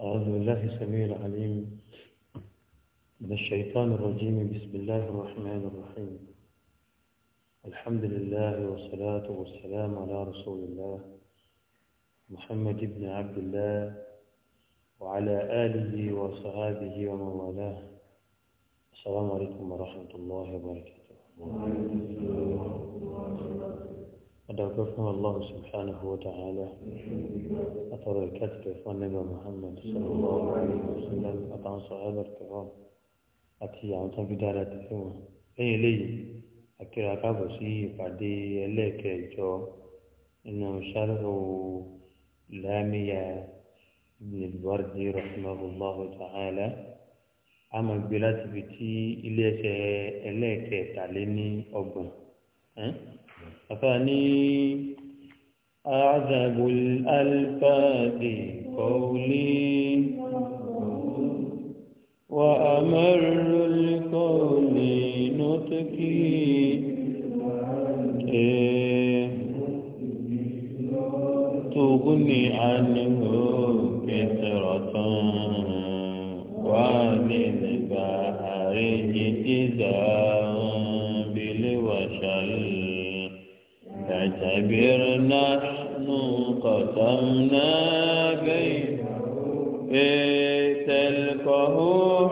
أعوذ بالله السميع العليم من الشيطان الرجيم بسم الله الرحمن الرحيم الحمد لله والصلاة والسلام على رسول الله محمد بن عبد الله وعلى آله وصحابه ومن والاه السلام عليكم ورحمة الله وبركاته ورحمة الله وبركاته أدعوكم الله سبحانه وتعالى أتركت كفان نبي محمد صلى الله عليه وسلم أطعن صحابة الكرام أكي أتي في دارة تفهم أي لي أكي أكرا كابوسي فعدي لك جو إنه شرح لامية ابن الورد رحمه الله تعالى أما بلاتي بتي إليك إليك تعليني أبو أه؟ أفني أعذب الألفاظ قولي وأمر القول نطقي تغني عنه كثرة ومن بحره إذا اعتبر نحن قسمنا بينه تلقه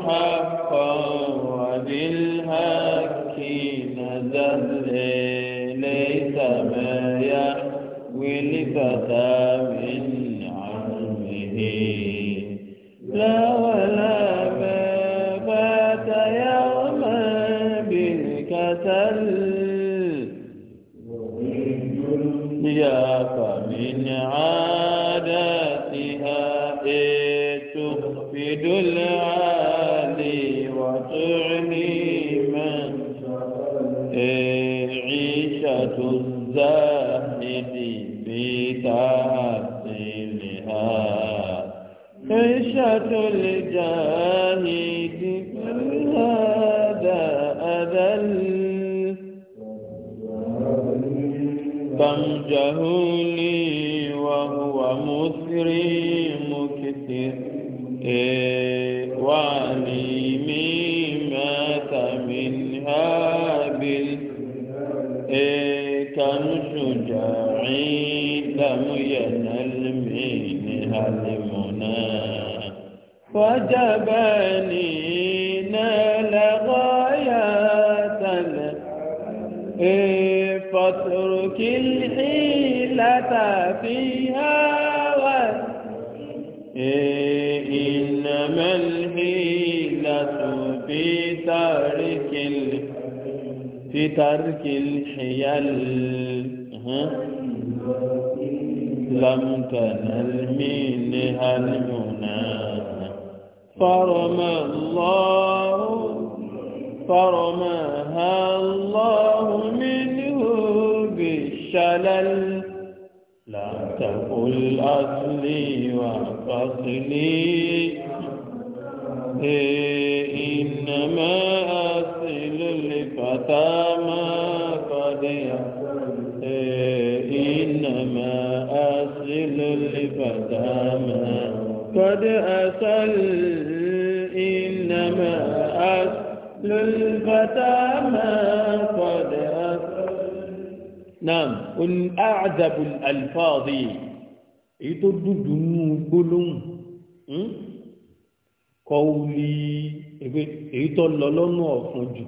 حقا وبالحق نزل ليس ما يحوي الفتى فاترك الحيلة فيها إنما الحيلة في ترك في ترك الحيل لم تنل منها المنى فرم الله فرماها الله منه بالشلل لا تقل أصلي وفصلي إيه، إنما أصل الفتى ما قد إيه، إنما أصل الفتى ما قد أصل الفتى ما قد نعم أعذب الألفاظ يتردد نقولون kọ́wùlì èyí tó lọ lọ́nà ọ̀fun jù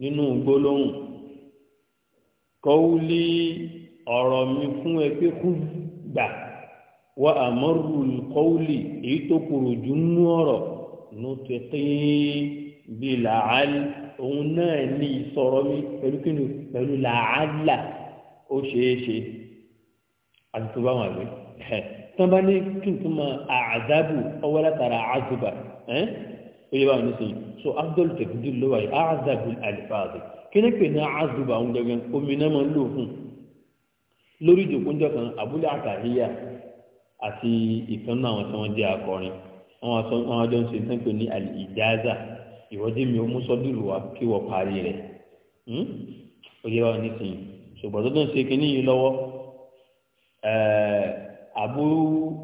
nínú gbólóhùn kọ́wùlì ọ̀rọ̀ mi fún ẹgbẹ́ kú gbà wà àmọ́rù kọ́wùlì èyí tó kúrò jù nínú ọ̀rọ̀ nù tẹ̀tẹ̀ bí làálì òun náà ní ìsọ̀rọ̀ mi pẹ̀lú kíni pẹ̀lú làálà ó ṣeéṣe àti tó bá wọn àgbẹ̀ tán bá ní kí n tún mọ àzábù ọwọ́ látara àzùbà ó yẹ báwọn nísìnyí so abdul tẹ̀kídì ló wáyé àzábù àlìfáàdì kí ni pè ní àzùbà òun gẹ́gẹ́ omi náà máa lò fún lórí ìjòkúnjọ kan abúlé àtàríyà àti ìkan náà àwọn tí wọ́n jẹ́ akọrin àwọn àjọ ń ṣe tán pé ní àlìjáza ìwọ́jẹ́ mi ò mú sọ́dúlù wa kí wọ́n parí rẹ̀ oyè hmm? wa nísìnyí ṣùgbọ́n tó tó ń ṣe kínní yìí lọ́wọ́ àbú eh,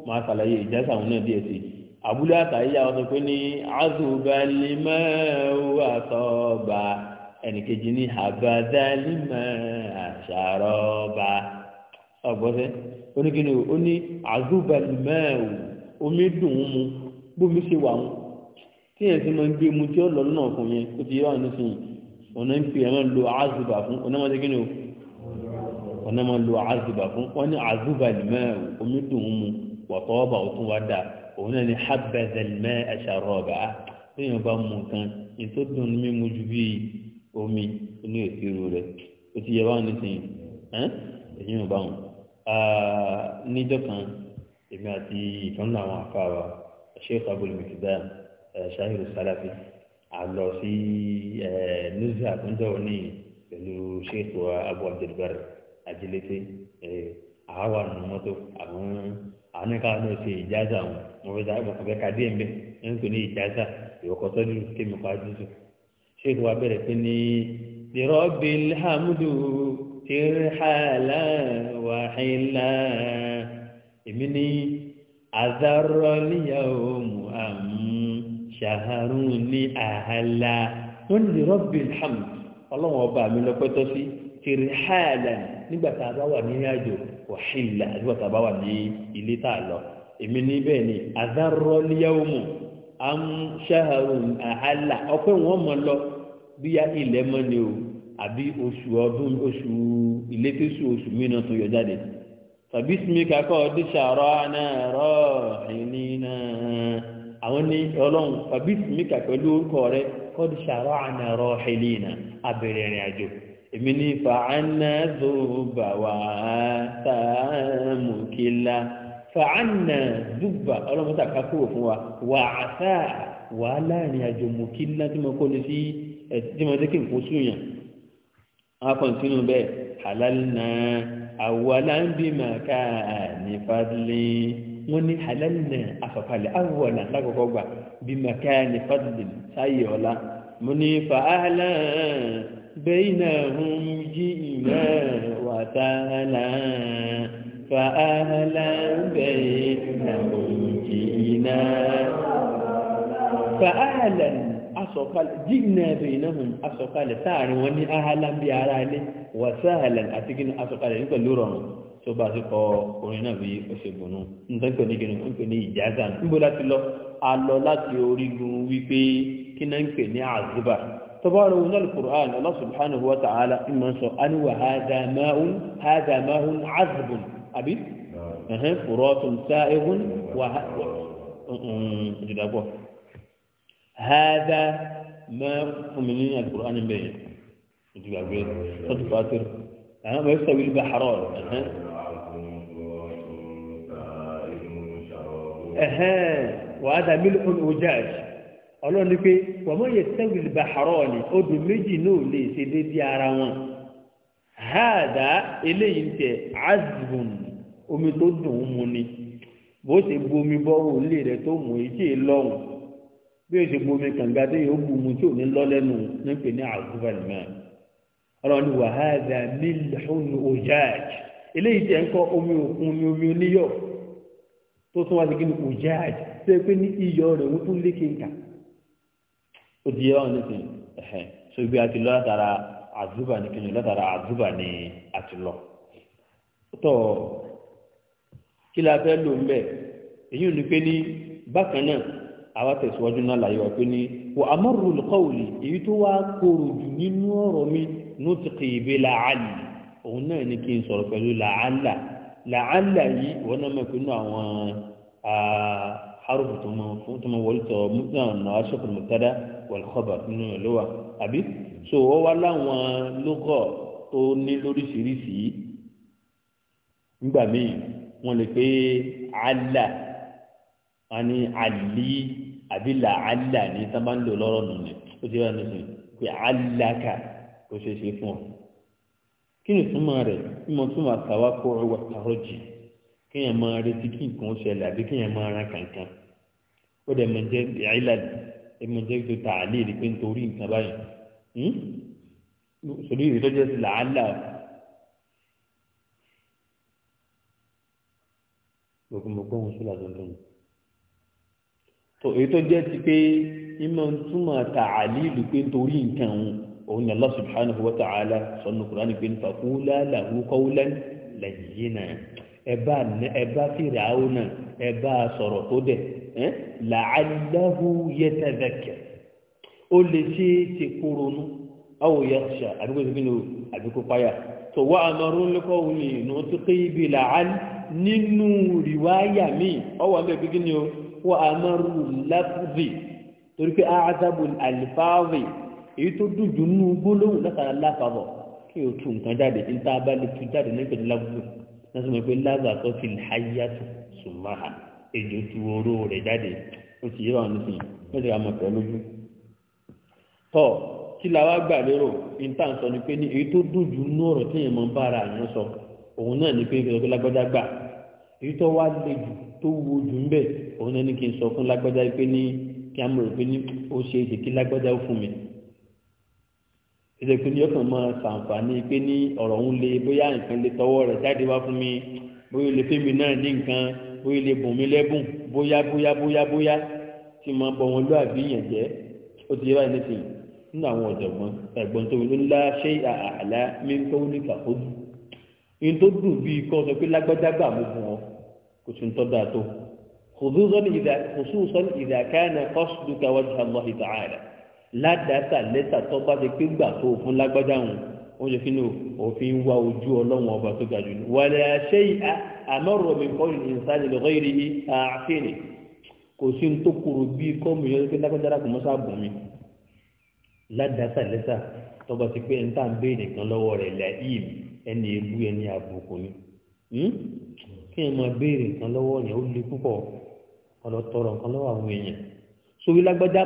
máa ṣàlàyé ìjásà àwọn náà díẹ̀ sí i àbúlé àtàyíyá wọn sọ pé ní azùbálímọ̀ àtọ́ba ẹnìkejì ní àbádálímọ̀ àṣàrọ̀ba ọgbọ́sẹ́ oníkíni o ó ní azùbálímọ̀ omi dùn ún mu bómi ṣe wà wọn tí yẹn ti máa ń gbé mu tí ó lọ lọ́nà ọ̀fun yẹn ó ti yọ àánú sìn ọ̀nà ń pè ẹ̀rọ lo àzùbà fún ọ̀nà máa ṣe kí ni o ọ̀nà máa lo àzùbà fún wọ́n ní àzùbà lìmẹ́ omi dùn mu wọ̀tọ́ ọba òtún wá dà òun náà ní habẹ́zẹ̀lìmẹ́ ẹ̀ṣàrọ̀ ọ̀bà tí yẹn bá mu nǹkan yẹn tó dùn mímu ju bí omi inú ìṣirò rẹ̀ ó ti yẹ wá àánú sìn ẹ̀yìn ọba wọn níjọ́ kan èmi àti ìkan náà àwọn àfa wa ṣé ìkàbọ̀lùmí ṣáhìrù sálàfì àlọ sí nízi àtúndà òní pẹ̀lú ṣètò abu abdulbar ajílété àwa nù mọ́tò àwọn àwọn nìkan náà ṣe ìjáza wọn mo fẹ́ sáà mo fẹ́ ka díẹ̀ mbẹ́ ẹ̀ ń tò ní ìjáza ìwọ̀kọ̀tọ́ dúró kémi pa ṣètò wa bẹ̀rẹ̀ pé ní lèrọ́bì hàmúdù tìrìhàlà wàhálà èmi ní azarọ́líyàwó muhammed ṣàhárùn ní àhàlà wọ́n lè rọ́bì hàmù ọlọ́wọ́n ọba mi lọ́pẹ́tọ́ sí tìrìhàlà nígbà tá a bá wà nínú àjò wàhílà nígbà tá a bá wà ní ilé tá a lọ èmi ní bẹ́ẹ̀ ni àdárọ́líyàwómù àmúṣàhárùn àhàlà ọpẹ́ wọn mọ lọ bíyá ilẹ̀ mọ́ ni o àbí oṣù ọdún oṣù ìlétésù oṣù mìíràn tó yọ jáde tàbí kakọ́ ọdún ṣàrọ́ náà rọ́ọ̀hìn náà àwọn ní ọlọ́run tàbí ìsìnmíkà pẹ̀lú orúkọ rẹ kọ́dí ṣàrọ́ àna ẹ̀rọ helena abẹ̀rẹ̀ ìrìn àjò èmi ní fàánà zùbàwà tààmùkìlá fàánà zùbà ọlọ́run tàkà kúrò fún wa wà á sá wà á láàrin wọ́n ní halalina àfàkàlẹ̀ awọ́nà lákòókò gbà bí makani fadlin sáyé ọ̀la mo ní fàálà bẹ́ẹ̀nà hun jí ìmọ̀ wàtàlà fàálà bẹ́ẹ̀nà hun jí iná fàálà asọ̀kalẹ̀ jíìnà bẹ̀ẹ̀nà hun asọ̀kalẹ̀ sáàrin wọn ní ahalan bí ara ilé wàtàlà àti gínú asọ̀kalẹ̀ nípa lórọ̀rùn tó bá ti kọ orin náà bí ó ṣe gbòòrùn nǹkan pè ní gíní ó ń pè ní ìjáza níbo láti lọ a lọ láti orígun wípé kí náà ń pè ní àzúbà tó bá rọ náà lùkùrán ọlọ́sùnbùhánù wa ta'ala ìmọ̀ sọ aníwà hádàmáhùn azbùn àbí ẹ̀hẹ́n fùrọ́tún sáẹ́hùn wà ìdàgbọ́ hádàmáhùn alùkùrán bẹ̀rẹ̀ ìdìgbàgbé tó ti àwọn ọmọ ìsọ̀wìlì bá àárọ̀ ẹ̀hẹ́n wàhádà mílíọ̀n ojáàj ọlọ́run ní pé wàmọ́ yẹ sẹ́wìlì ni odò méjì náà lè ṣe déédéé ara wọn hàdà eléyìí ń tẹ omi tó dùn ún mu ni bó ṣe tó mú o ṣe omi kànga tó yẹ ó bu mu tí ò ní lọ lẹ́nu ní pè ní àgùbànìmọ́ ọlọ́run ní wàhádà mílíọ̀n ojáàj eléyìí ń kọ́ omi òkun ni tó tún wá sí kíni kò jẹ́ àjẹ́ tó yẹ pé ní iyọ̀ rẹ̀ wọ́n tún lékè nkà ó di yẹ́wọ̀n ní sìn ẹ̀hẹ́ so ibi àti lọ látara àdúbà ní kíni látara àdúbà ní àti lọ. tó kí la fẹ́ lò ń bẹ̀ èyí ò ní pé ní bákan náà àwa tẹ̀síwájú náà láyé wa pé ní wò amárù olùkọ́wòlì èyí tó wá kóró jù nínú ọ̀rọ̀ mi nù ti kì í bí làálì òun náà ní kí n sọ̀rọ̀ pẹ̀lú làálà làálà yìí wọn náà mọ̀ pé inú àwọn harufu tó mọ wọlé tọ náà náà sọkùnrin mọ̀tádá wàlúkọ̀bà nínú rẹ̀ ló wà àbí so wọ́n wá láwọn lókọ̀ tó ní lóríṣiríṣi nígbà míì wọ́n lè pé àlà wọn ni àlì àbí làálà ní sábà ń lò lọ́rọ̀ nù ní ó ti rà nísìnyí pé àlàkà kò ṣeé ṣe fún ọ kí ni túmọ̀ rẹ̀ bí mo túmọ̀ àtàwá kó ọwọ́ àtàwọ́ jì kéèyàn máa retí kí nǹkan ṣẹlẹ̀ àbí kéèyàn máa ran kankan ó dẹ̀ mọ̀ jẹ́ àìlàdì ẹ̀mọ̀ jẹ́ tó tà á lé rí pé nítorí nǹkan báyìí hmm? sọ̀rọ̀ ìrè tó jẹ́ sí làálà gbogbogbò ohun sọ́là tuntun tó èyí tó jẹ́ ti pé ìmọ̀ túmọ̀ tà á rí pé nítorí nǹkan òun òun ni allah subhanahu wa ta'ala sọnù kúránì pé nípa kúlá làwùkọ́wúlẹ́n lẹ́yìn náà ẹ bá fìrà áwọn náà ẹ bá sọ̀rọ̀ tó dẹ̀ làálàhù yẹtẹ̀dẹ̀kẹ̀ ó lè ṣe é ti kúrònú awo yaxṣa àbíkó ti fi ní o àbíkó páyà tó wà àmọ́rún lókọ́ wuli ní ti pé ibi làálì nínú rìwáyà mi ọwọ́ àbẹ̀ gbígbín ni o wà àmọ́rún láfùzì torí pé àádọ́bùn àlìfáàzì èyí tó dùn jù nínú gbólóhùn látara láfàbọ̀ kí o tu nǹkan jáde ní bá lè tu jáde ní pẹ̀lú lábúlò náà sọ ma pé lábà tó fi háyàtò sùmáhà èjò tu oró rẹ̀ jáde ó ti yé wọn nísìnyí wọ́n ti ra mọ̀ pẹ̀lú lójú. tọ́ kí la wá gbà lérò ní sọ ni pé ní èyí tó dùn jù nínú ọ̀rọ̀ tí èèyàn máa ń bá ara àyàn sọ òun náà ni pé kí lágbájá gbà èyí tó wá le jù tó wo jù ń bẹ̀ òun náà ni kí n sọ fún lágbájá pé ní kí á mọ̀ rò pé ní ó ṣe é ṣe kí lágbájá ó fún mi ìdẹ̀kùn ni ọkàn máa ṣàǹfààní pé ní ọ̀rọ̀ ń le bóyá nǹkan lè tọwọ́ rẹ̀ jáde wá fún mi bóyá lè fẹ́mi náà ní nǹkan bóyá lè bùn mí lẹ́bùn bóyá bóyá bóyá bóyá tí máa bọ wọn lóàbí yẹn jẹ́ ó ti yẹ báyìí nísìnyí nínú àwọn ọ̀jọ̀gbọ́n ẹ̀gbọ́n tó ń lá ṣé àhàlá mi ń tọ́wọ́ ní kàkóòdù ní tó dùn bíi kọ́ sọ pé lágbájá gbà mú fún kò tún tọ́ dáa tó kò sún sọ́ni ládàáta lẹ́tà tó bá ti pé gbà tó fún lágbájá wọn wọ́n ṣe kínú òfin wá ojú ọlọ́run ọba tó ga jù ní wàlẹ̀ àṣẹ àmọ́rọ̀ mi kọ́ ní ìsáni lọ́gọ́ ìrírí àfihàn kò sí tó kúrò bí kọ́mù yẹn pé lágbájá kò mọ́ sáàbùn mi ládàáta lẹ́tà tó bá ti pé ẹni tá à ń bè nìkan lọ́wọ́ rẹ̀ lẹ́yìn ẹni ebú ẹni àbùkù ni hmm? kí ẹ máa béèrè nǹkan lọ́wọ́ yẹn ó le púpọ̀ ọlọ́tọ̀rọ̀ nǹkan lọ́wọ́ àwọn èèyàn torí lágbájá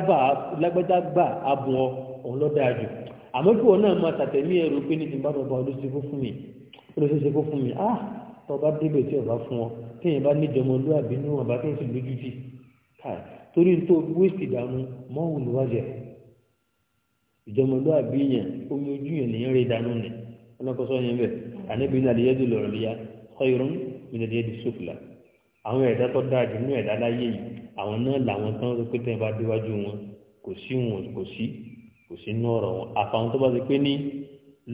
gbà abùn ọ òun lọ dáa jù àmọ́ kí wọn náà máa tàtẹ̀mí ẹ̀rù pé ní tìǹbà bàbá olóṣèkó fún mi olóṣèkó fún mi ah tọba débẹ̀ tí ọba fún ọ téèyàn bá níjọmọ lóàbí níwọ̀n bá tẹ̀sí lójú tì káì torí tó wéṣì dànù mọ́wùn níwájẹ̀ ìjọmọ lóàbí yẹn omi ojú yẹn nìyẹn rí dànù nì ọlọ́kọ̀ọ́sọ yẹn bẹ̀ àníbi ní lọ́rọ̀ lìyà ọ̀yọ́rùn-ún àwọn ẹ̀dá tó dáa jù nínú ẹ̀dá láyé yìí àwọn náà làwọn tán rí pé tẹ́yìn bá déwájú wọn kò sí wọn kò sí kò sí inú ọ̀rọ̀ wọn àfàwọn tó bá ti pé ní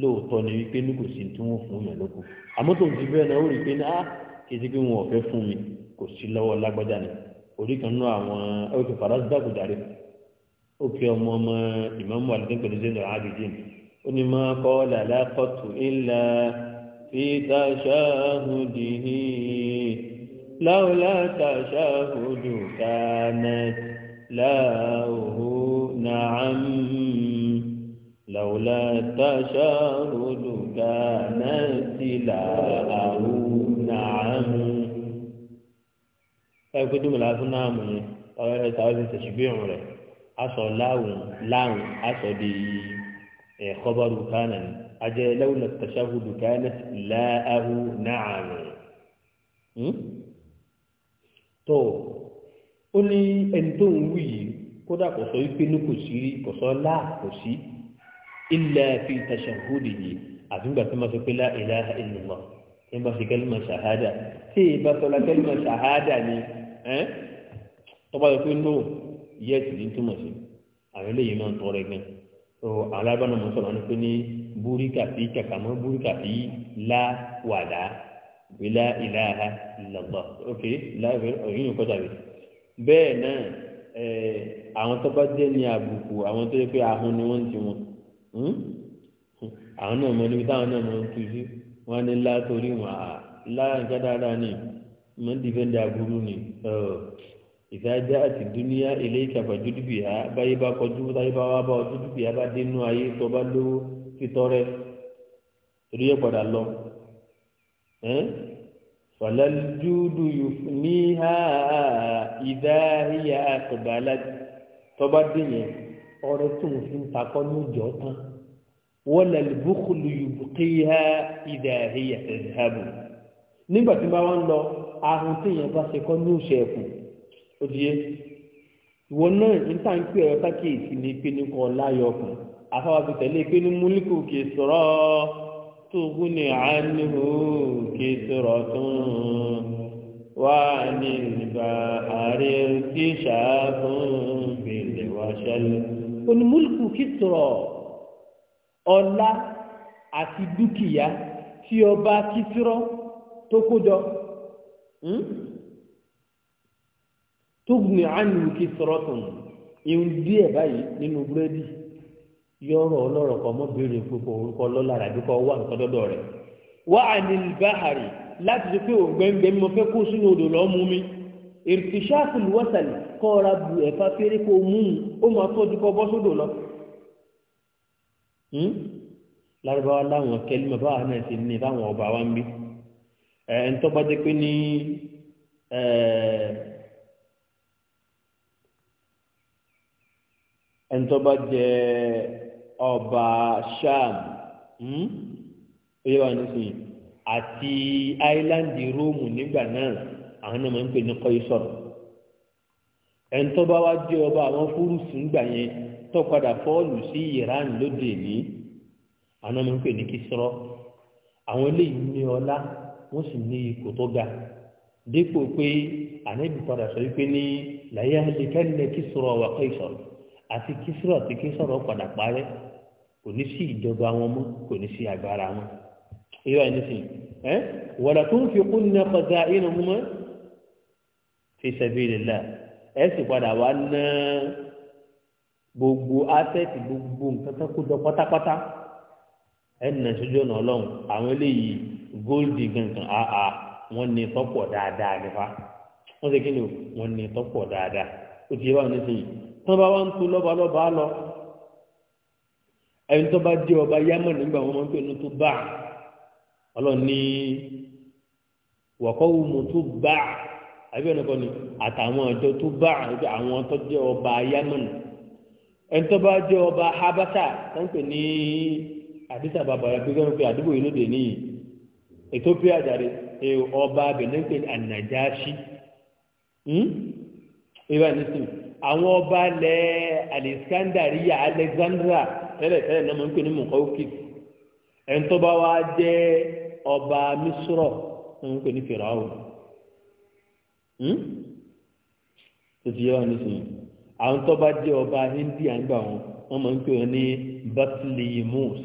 lóòótọ́ ni wípé ní kò sí tí wọ́n fún yàn lóko àmọ́ tó ń ti bẹ́ẹ̀ náà ó rí i pé ní á kì pé wọn ò fẹ́ fún mi kò sí lọ́wọ́ lágbájá ni orí kan náà àwọn ọkọ̀ fàdásí dàgùdàrí ó pe ọmọ ọmọ ìmọ̀mú àlùdẹ́gbẹ̀lú zeno abidjan لولا تشهد كانت له نعم لولا تشهد كانت له نعم ẹgbẹ́ tó mi láti fún náà mú yẹn ọ̀rọ̀ ẹ̀ sáré ti tẹ̀síbí ọ̀hún rẹ̀ aṣọ láwùn láwùn aṣọ di ẹ̀kọ́bọ̀rù kánà ni ajẹ́ lẹ́wọ̀n tẹ̀síbí ọ̀hún kánà láàrú náà rẹ̀ tó ó ní ẹni tó ń wí yìí kódà kò sọ wípé ní kò sí rí kò sọ láà kò sí ilẹ̀ fi tàṣàkóòdì yìí àfihàn tó máa sọ pé láìlá ìnùmọ̀ ní bá fi kẹ́lìmọ̀ ṣàhádà tí ìbá tọ́lá kẹ́lìmọ̀ ṣàhádà ni tọ́ba yẹ pé no yes ní túmọ̀ sí àwọn eléyìí máa ń tọrẹ gan so alábàánu mọ̀ sọ̀rọ̀ ni pé ní búríkà sí kàkàmọ́ búríkà sí láwàdá bílá ìlàhà ìlàgbà ok láàbẹ̀rẹ̀ ọ̀yìn ní kọ́tà rẹ̀ bẹ́ẹ̀ náà àwọn tó bá jẹ́ ní àbùkù àwọn tó yẹ pé ahun ni wọ́n ti wọn hmm? àwọn náà mọ níbi táwọn náà mọ ń tu sí wọn ní látòrí wọn à lára nǹkan dáadáa ni mọ dìfẹ́ndì aburú ni ìsáájá àti dúníà ilé ìkàfà dúdúbìá báyé bá kọjú táyé bá wá bá ọ dúdúbìá bá dénú ayé tó bá lówó títọrẹ torí ẹ padà lọ fọlẹ́lẹ́dúdú níhà ìdáhìyà àkùbálà tọ́ba dìnyẹn ọ̀rẹ́ tí mo fi ń takọ́ ní ìjọ tán wọ́lẹ̀lẹ́bùkúlù yùbùkíhà ìdáhìyà ẹ̀dẹ́hàbù nígbà tí bá wá ń lọ ahun tí yẹn bá ṣe kọ́ ní òṣèkù òdìyẹ ìwọ náà níta ń pè ọ́ sákèésì ní pínínkọ́ láyọ̀ ọkàn afáwàbí tẹ̀lé pínín múlíkù sọ̀rọ̀ ọ́ تغني عنه كثرة وعن البحر ارتشاف بالوشل onímúlùkù kìtọ̀rọ̀ ọlá àti dúkìá tí ọba kìtọ̀rọ̀ tó kójọ tó gbìyànjú kìtọ̀rọ̀ tó ń díẹ̀ báyìí nínú búrẹ́dì yọrọ ọlọrọ kọmọbiri mọ́ béèrè púpọ̀ orúkọ lọ́lára àbí kọ́ wà nǹkan dọ́dọ̀ rẹ̀ wá ànilbáhàrì láti ṣe pé ògbẹ́ngbẹ́ mi mo fẹ́ kó sínú odò lọ́ kọọrọ mi ìrìtìṣáàfù lùwọ́sàlì kọ́ ra bu ẹ̀fà fèrè kó mú un ó sódò lọ. Hmm? lárúbáwá láwọn báwa náà ti ọba sham oyè hmm? wa nísìnyí ati áìláńdì róòmù nigba náà àwọn náà máa ń pè ní kọ́ ìṣọ̀rọ̀ ẹ̀ńtọ́ jẹ́ ọba àwọn ńgbà yẹn fọ́ọ̀lù sí iran lóde èlé àwọn náà máa ń pè ní kíṣọ́rọ́ àwọn eléyìí ní ọlá wọ́n sì ní ipò tó ga dípò pé ànábì padà sọ wípé ní kẹ́lẹ́ wà kò ní sí ìjọba wọn mọ́ kò ní sí agbára wọn irú ẹni sìn ẹ wọ̀dà tó ń fi kún ní ọkọ̀dá inú mú mọ́ fi ṣẹ̀bi ìlẹ̀lá ẹ sì padà wá ná gbogbo asẹ́ẹ̀tì gbogbo nǹkan tó kó jọ pátápátá ẹ nà sójú ọ̀nà ọlọ́run àwọn eléyìí góòlì gangan àà wọ́n ní tọ́pọ̀ dáadáa nípa wọ́n ṣe kí ni wọ́n ní tọ́pọ̀ dáadáa ó ti yẹ báwọn ní sìn yìí tán bá wá ń tu lọ́balọ́ba lọ ẹni tó bá jẹ́ ọba yámọ̀ nígbà wọn máa ń pè ní tó bá ọlọ́run ní wọ̀kọ́wù mu tó bá àbí ẹni kan ní àtàwọn ọjọ́ tó bá àbí àwọn tó jẹ́ ọba yámọ̀ nù ẹni tó bá jẹ́ ọba habata tó pè ní àdìsá bàbá rẹ pé kẹ́hìn pé àdúgbò yìí ló dé níyì ethiopia jàre ọba benin pé ànàjáṣí ìwà nísìnyí àwọn ọba lẹ alexandria alexandra tẹ́lẹ̀tẹ́lẹ̀ náà máa ń pè ní mọ̀kọ́wókìf ẹni tó bá wá jẹ́ ọba mísúrọ̀ wọ́n ń pè ní fìràwọ̀ hmm? tó ti yẹ wá nísìnyí àwọn tó bá jẹ́ ọba india ń gbà wọn wọ́n máa ń pè ní batlimus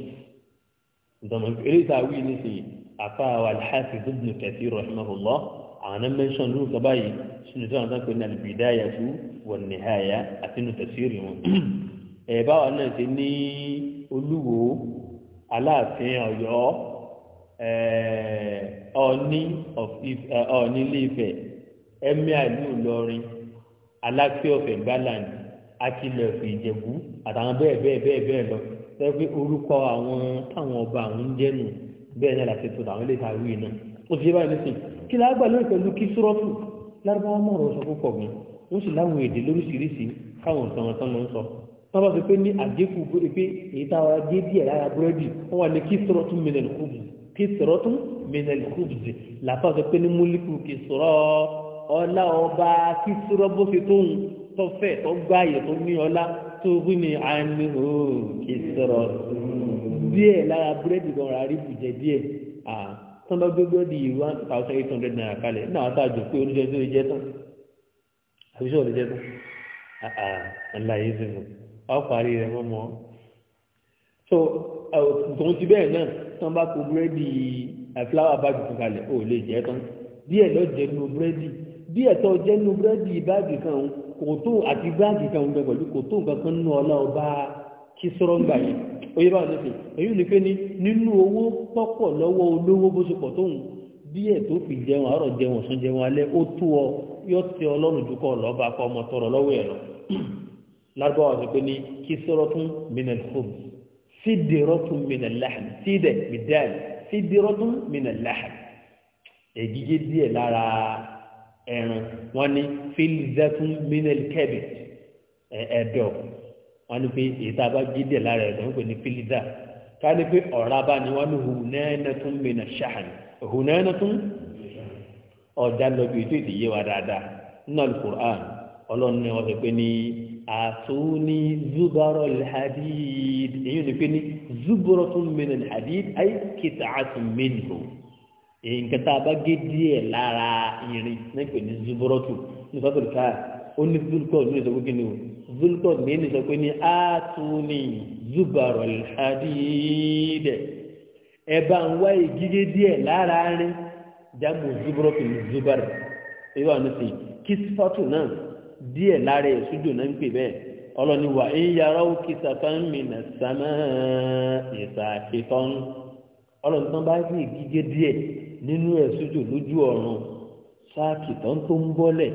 eléyìí tá a wí nísìnyí afa alhafi dubnu kẹfì rahimahullah àwọn náà mẹ́ńsán lóhùn kaba yìí sínú tí wọ́n náà pè ní alibidaya tu wọ̀ nìhaya àti nù tẹ̀síìrì wọn ẹ̀ báwa náà ti ní olúwo aláàfin ọ̀yọ́ eh, ọ̀ọ́ni eh, ọ̀ọ́ni ilé-ifẹ̀ ẹ̀mí àìlú ìlọrin aláfẹ́ ọ̀fẹ́ gbálàní àti ilẹ̀fẹ̀ ìjẹ̀bú àtàwọn bẹ́ẹ̀ bẹ́ẹ̀ bẹ́ẹ̀ bẹ́ẹ̀ lọ sẹ́yìn pé orúkọ àwọn táwọn ọba àwọn ń jẹ́nu bẹ́ẹ̀ náà láti tó àwọn ilé ìtàwé náà ó ti yé báyìí lóṣèlú kí lágbà lórí pẹ̀lú kí sọ́rọ́tù lárúbáwá mọ̀rọ̀ sọ púpọ̀ gan wọ́n sì láwọn èdè lóríṣiríṣi káwọn ọ̀sán ọ̀sán ló ń sọ wọ́n bá sọ pé ní àdínkù bóde pé èyí tá a gé díẹ̀ lára búrẹ́dì wọ́n wà ní kí sọ̀rọ̀ tún mìnẹ̀lì kúbù kí sọ̀rọ̀ tún mìnẹ̀lì kúbù sí làpá sọ pé ní múlíkù kì sọ̀rọ̀ ọlá ọba kí sọ̀rọ̀ bó ṣe tóun tó fẹ́ tó gbáyè tó ní ọlá tó rí ni a ní o kì díẹ̀ lára búrẹ́dì kan rà rí bùjẹ́ díẹ̀ à tó one thousand eight hundred naira kalẹ̀ náà ọ parí rẹ̀ wọ́n mọ́ so tòun ti bẹ́ẹ̀ náà tán bá kó búrẹ́dì fúláwà bá tuntun kalẹ̀ ó lè jẹ́ tán díẹ̀ lọ jẹ́ nu búrẹ́dì díẹ̀ tó jẹ́ nu búrẹ́dì báàgì kan kò tó àti báàgì kan gbẹ pẹ̀lú kò tó nǹkan kan nù ọlá ọba kí sọ́rọ́ ń gbà yẹn oyè bá wọn lọ́sẹ̀ èyí ò ní pé ní nínú owó pọ́pọ̀ lọ́wọ́ olówó bó ṣe pọ̀ tóun díẹ̀ tó fi jẹun àárọ̀ jẹun ọ̀sán jẹun alẹ́ ó tó ọ yọ ti ọlọ́run jù kọ́ ọ̀lọ́ ọmọ tọrọ lọ́wọ́ ẹ̀ lọ lárúbáwá sọ pé ní kí sọ̀rọ̀ tún mìíràn fún sídìrọ̀ tún mìíràn láhàn sídẹ̀ mìdán sídìrọ̀ tún mìíràn láhàn ègígé díẹ̀ lára ẹran wọn ní fílíza tún mìíràn kẹ́bì ẹ̀ẹ́dọ̀ wọn ní pé èyíta bá gé díẹ̀ lára ẹ̀dọ̀ wọn pè ní fílíza ká ní pé ọ̀rá wọn ní hùnẹ́ẹ̀nà tún mìíràn ṣáhàn hùnẹ́ẹ̀nà lọ bí ètò ìdíyẹ dáadáa nínú alukur'an ọlọ́run ni wọ́n fi àtúní zúbọ̀rọ̀ alhadid èyí ni pé ní zúbọ̀rọ̀ tún mìíràn alhadid ayé kìtà àtún mìíràn èyí nǹkan tá a bá gé díẹ̀ lára irin náà pè ní zúbọ̀rọ̀ tún ní sọ́kòtò ká ó ní zulkọ́ ní ìsọ̀kò kí ni o zulkọ́ ní ní ìsọ̀kò ní àtúní zúbọ̀rọ̀ alhadid ẹ bá ń wá ìgígé díẹ̀ lára irin jáàmù zúbọ̀rọ̀ tún zúbọ̀rọ̀ èyí wà ní sè kí náà díẹ̀ lára ẹ̀ sójò náà ń pè bẹ́ẹ̀ ọlọ́ni wà ń yàrá òkè sàfánmìnà sàmà ìsàkìtọ́n ọlọ́ni tán bá rí gígé díẹ̀ nínú ẹ̀ sójò lójú ọ̀run sàkìtọ́n tó ń bọ́lẹ̀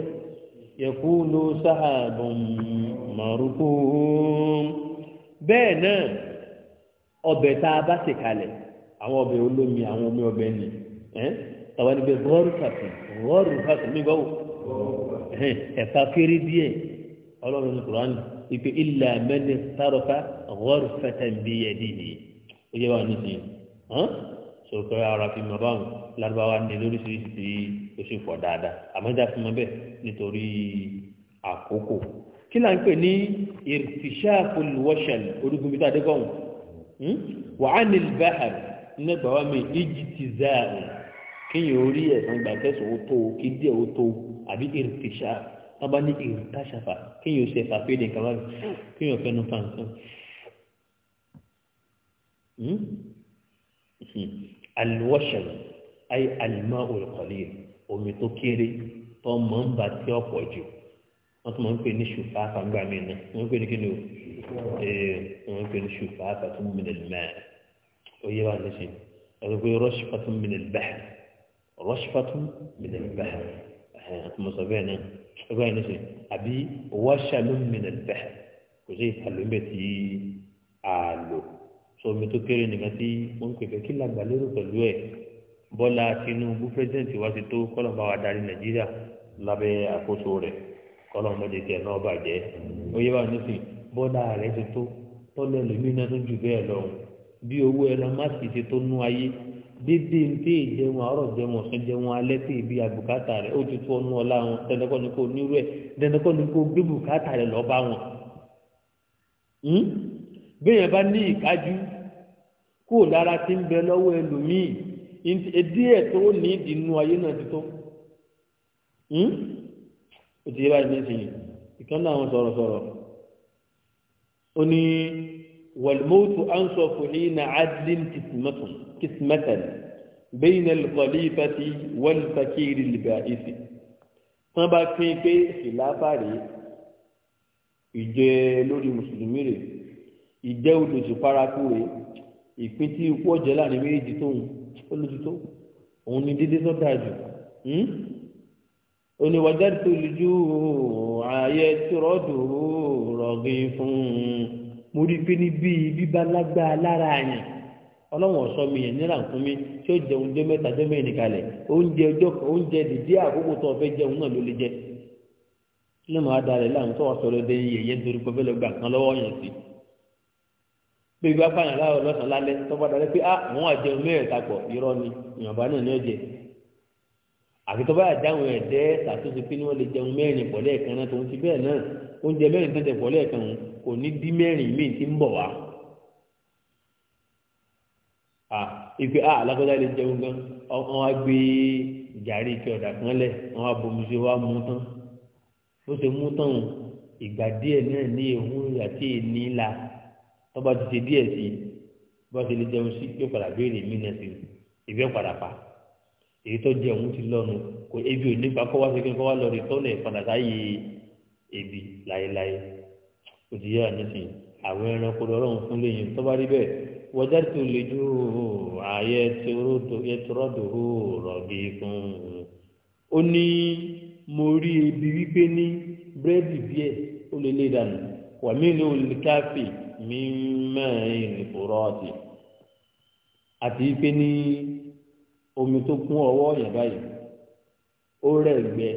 yẹ̀kú ló sáàbùn mọ̀rúkú bẹ́ẹ̀ náà ọbẹ̀ tá a bá sì kalẹ̀ àwọn ọbẹ̀ olómi àwọn omi ọbẹ̀ ni tàwọn ibẹ̀ rọ́ọ̀rù kàtì rọ́ọ̀rù kàtì mi gbọ́wọ́ ẹ̀ka kéré díẹ̀ ọlọ́run ní kùránì ìpè ilẹ̀ amẹ́ni tárọ́fà ọ̀rọ̀fẹ́tẹ̀ bí ẹ̀dí ni ó yẹ wà nísìnyí sọ̀rọ̀ ara fi mọ̀ báwọn lárúbáwá ní lóríṣiríṣi tí ó sì pọ̀ dáadáa àmọ́jà fi mọ́ bẹ́ẹ̀ nítorí àkókò kí là ń pè ní ìrìṣàkùnwọ́ṣẹ̀l orígun bíi tàdégọ́hùn wàá nílùú nígbà wàá mi ìjì ti záà kéèyàn orí ẹ̀sán ìgbà kẹsàn ó tó o kí díẹ̀ ó tó o àbí ìrìtìṣà tábà ní ìrìtàṣàfà kéèyàn ṣe fàféèdè kàwá kéèyàn fẹnu pa nǹkan. alwọ́ṣẹ̀ ayé alimọ́ olùkọ́lé omi tó kéré tó mọ̀ ń bá tí ọ̀pọ̀ jù wọ́n tún máa ń pè ní ṣùfà àfàǹgbà mi náà wọ́n pè ní kí ni o wọ́n pè ní ṣùfà àfàtúmùmìnìlmẹ́ẹ̀ oyè wa ní ọ̀rọ̀ pé rọ́ṣì rọ́ṣfàtún من البحر. bẹ́ẹ̀ náà ẹgbẹ́ yẹn نسي؟ أبي wáṣàlùm من البحر؟ sí ìtàlùmẹ̀ tí a lò sọmi tó kéré nìkan tí wọ́n ń pè fẹ́ kí làgbà lérò pẹ̀lú ẹ̀ bọ́lá tinubu pírẹsidẹ́ǹtì wá sí tó kọ́lọ̀ bá wa darí nàìjíríà lábẹ́ àkóso rẹ̀ kọ́lọ̀ mọ́jẹ tiẹ̀ náà bàjẹ́ ó yẹ báwọn nísìn bọ́lá rẹ̀ ti tó tọ́lẹ̀ lómìnira tó ju bẹ́ẹ̀ lọ bí owó ẹran má sì ti tó nú ayé dídí tí ìjẹun àárọ̀ jẹun ọ̀sán jẹun alẹ́ tí ibi àbùkátà rẹ̀ ó ti tó ọnú ọlá wọn dẹnẹkọ́ ni kò nírú ẹ̀ dẹnẹkọ́ ni kò gbé bùkátà rẹ̀ lọ́ọ́ bá wọn. Hmm? béèyàn bá ní ìkájú kó o lára ti ń bẹ lọ́wọ́ ẹlòmíì díẹ̀ tó ní ìdínú ayé náà ti tó. Hmm? ó ti yé báyìí ní ìsìn ìkànnì àwọn sọ̀rọ̀sọ̀rọ̀ ó ní. والموت أنصف حين عدل كسمة كسمة بين الخليفة والفكير البائس tán bá pín pé ìlàfàrí ìjẹ lórí mùsùlùmí rè ìjẹ olùsù paraku rè ìpín tí ikú ọjẹ láàrin méjì tóun olùsùtò òun ni dídí tó dáa jù oníwájà hmm? tó lè ju ààyè tí rọdùn rọgìn fún un. mo rí i pé ní bíi bíbá lágbára lára àyàn ọlọ́wọ̀n ọ̀sọ́ mi yẹn nílà fún mi tí ó jẹun ọjọ́ mẹ́ta ọjọ́ mẹ́rin kalẹ̀ oúnjẹ ọjọ́ oúnjẹ dìde àkókò tó jẹun náà ló lè jẹ lẹ́mọ̀ dị darẹ̀ láwọn tó wà sọ̀rọ̀ dé yẹn torí pé gbà kan lọ́wọ́ yẹn sí bí lọ́sàn-án lálẹ́ tó bá ah, jẹun irọ́ ni ìyànbá náà àfi tó bá dáhùn ẹ̀dẹ́ tàtúnṣe pé ni wọ́n lè jẹun mẹ́rin pọ̀lẹ́ ẹ̀kan náà tòun ti bẹ́ẹ̀ náà oúnjẹ mẹ́rin tẹ̀tẹ̀ pọ̀lẹ́ ẹ̀kan kò ní dí mẹ́rin míì ti ń bọ̀ wá. à a alákọ̀ọ́dá lè jẹun gan wọ́n wá gbé gàrí ike ọ̀dà kan lẹ̀ wọ́n wá bomi ṣe wá mú tán ó ṣe mú tán ìgbà díẹ̀ náà ní ehun àti èní la wọ́n bá ti ṣe díẹ̀ sí bá ṣe lè jẹun sí yóò padà béèrè mí náà sí èyí tó jẹ òun ti lọ́nu kò ebi ò nípa kọ́ wá sí kí n kọ́ wá lọ rí tọ́nà ìpadà sáyé ebi láéláé kò sí yára nísìn àwọn ẹranko lọ́rùn fún lẹ́yìn tó bá rí bẹ́ẹ̀ wọ́jà tó lè ju ààyè tìrọ́dòrò rọ̀bì fún un. ó ní mo rí ebi wípé ní búrẹ́dì díẹ̀ ó lè lé dànù wàmí ni olùkáfì mi mẹ́rin ìfòrọ́ọ̀tì àti wípé ní omi tó kún ọwọ́ ọ̀yàn báyìí ó rẹ̀ gbẹ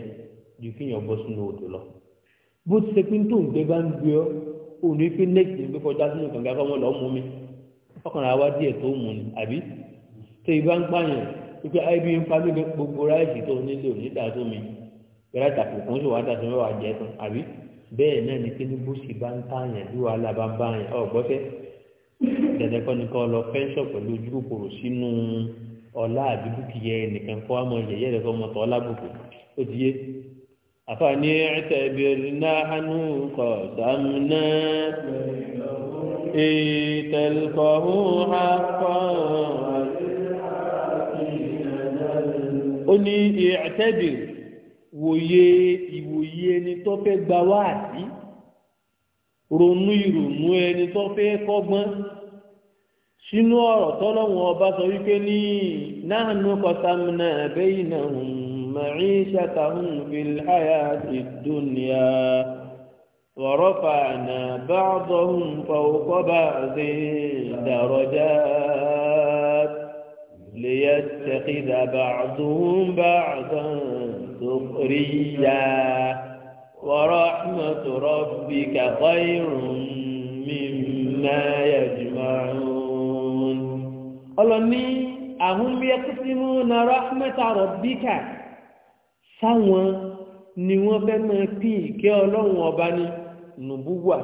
ju kíyàn bọ́ sínú odò lọ bó ti ṣe pé tó ń gbé bá ń gbé ọ òní pé nẹ́ẹ̀kì ń gbé kọjá sínú kànga kọ́mọ lọ́ọ́ mú mi ọkùnrin àwa díẹ̀ tó mú ni àbí tó ibà ń pààyàn wípé ibi ń pa níbi gbogbo ráìsì tó nílé òní dà tó mi yàrá ìtàkùn kan ṣòwò àdàtún mẹ́wàá jẹ tán àbí bẹ́ẹ̀ náà ni pé ní bó ṣe bá ń pààyàn bí wàhálà bá ń pààyàn ọ̀gbọ́fẹ́ dẹ̀dẹ̀kọ́ ni kọ́ lọ fẹ́ńsọ̀ pẹ̀lú ojú sínú ọ̀la àbí dúkìá ẹnìkan kọ́ àmọ́ yẹ̀yẹ́ rẹ̀ fọmọ tọ́ lábùkù ó ti yé àfààní ẹ̀tẹ̀bẹ̀rẹ̀ náà hánú kọ̀ sàmù náà ètẹ̀lùkọ̀ọ́hù akọ̀ ó ní ẹ̀tẹ̀bẹ̀rẹ̀ wòye ìwòye ẹni tó fẹ́ gba wáàdí ronú ìrònú ẹni tó fẹ́ kọ́gbọ́n sínú ọ̀rọ̀ tọ́lọ́wọ́n ọba sọ wípé ní náànú kọtàmínà ẹ̀bẹ́yìn náà mẹ̀rin ṣàtàhùn fìlàyà ti dúnìá wọ̀rọ̀fà náà bá ọdọ̀hùn fọwọ́kọ́bà sí dàrọ̀já lèyẹ tẹ̀kídà bá ọdún bá ọdún tó rí ya wọ̀rọ̀ mọ̀tòrọ̀ bí kàkọ́ ìrùn mímú náà yẹ jùmọ̀ ọlọ́ni àhúnbí ẹkùsímú na rahmata rabbika sáwọn ni wọ́n fẹ́ máa pí ìkẹ́ ọlọ́run ọba ní nùbúwà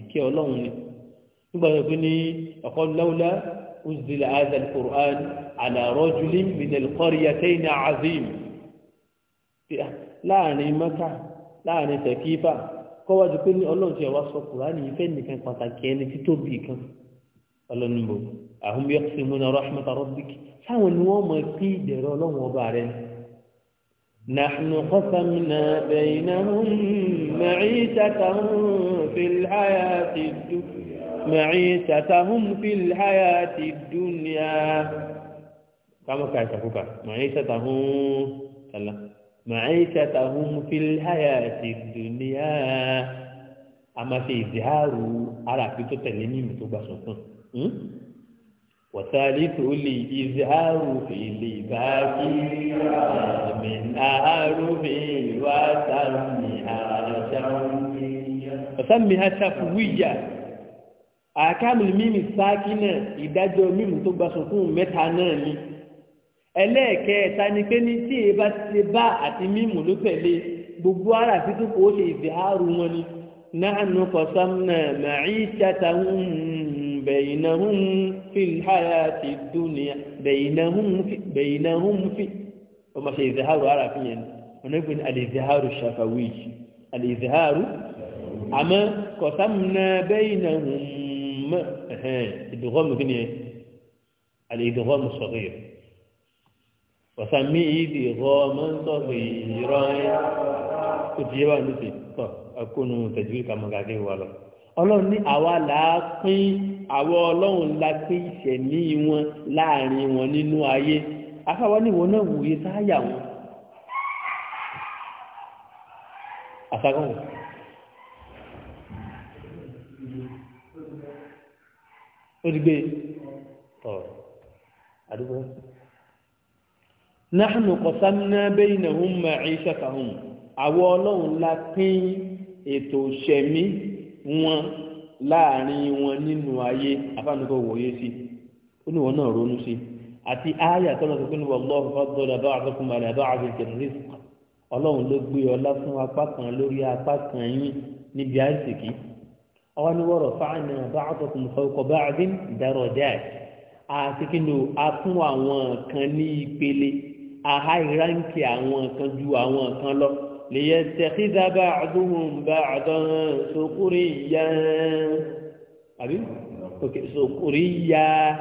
ìkẹ́ ọlọ́run ni nígbà tó ní ọ̀kọ́ lọ́wọ́lá uzil azal qur'an ala rajulin min alqaryatayn azim ah, láàrin mẹ́ta láàrin tẹ̀kífà kọ́wájú pé ní ọlọ́run ti ọwá sọ qur'an yìí fẹ́ nìkan pàtàkì ẹni títóbi kan ọlọ́nìbò àhún bí ọ̀sẹ̀ múná rọ́ṣmọ́tà rọ́bìkì sáwọn ni wọ́n mọ̀ sí ìdẹ̀rọ ọlọ́run ọba rẹ̀ نحن قسمنا بينهم معيشتهم في الحياة الدنيا معيشتهم في الحياة الدنيا كما كان تفوكا معيشتهم سلام معيشتهم في الحياة الدنيا أما في إظهار على كتب تلميم تبا سلطان Hmm? wọ̀tálítù lè ìzáàrù fèlè báàkì àmì àárúfè wá sàmì àṣàmì. ọ̀sánmi aṣàfùwíyà àkàmìlì mímì sáàkì náà ìdájọ́ mímì tó gbaṣọ fún mẹ́ta náà ni ẹlẹ́ẹ̀kẹta ni pé ní tí èèbá ti bá àti mímù ló tẹ̀lé gbogbo ara àti kò ó ṣe ìdíhàrú wọn ni náà nù kọ̀sán náà بينهم في الحياة الدنيا بينهم في بينهم في وما في إظهار عربيا ونقول الإظهار الشفوي الإظهار أما قسمنا بينهم إدغام دنيا الإدغام الصغير وسمي إدغاما صغيرا كتير ونسي أكون تجويل كما قاعدين والله ọlọ́run ní àwa là á pín àwọ ọlọ́run la pín ìṣẹ̀lí wọn láàrin wọn nínú ayé afáwọn níwọ náà wòye sáyà wọn àtàkùn odigbe tọ àdúgbò náhùn kọsánnà bẹ́yìn náà hùn máa ọlọ́run la pín ètò ìṣẹ̀mí wọn láàrin wọn nínú ayé afánukọ wòye sí ó ní wọn náà ronú sí àti ayé àtọ́nà tó pinnu wọlọ́ọ̀fù fọ́dọ̀lá bá àtọ́kùnmọ́ àlẹ́ àbá àbẹ̀kẹ̀ rìsíkà ọlọ́run ló gbé ọlá fún apá kan lórí apá kan yín níbi àìsìkí ọwọ́ ní wọ́rọ̀ fáànà bá àtọ́kùnmọ́ fọ́kọ̀ bá àbín dárọ̀ jáì àti kí ni a fún àwọn kan ní ìpele àháìránkì àwọn kan ju àwọn kan lọ ليتخذ بعضهم بعضا سخريا أبي أوكي سخريا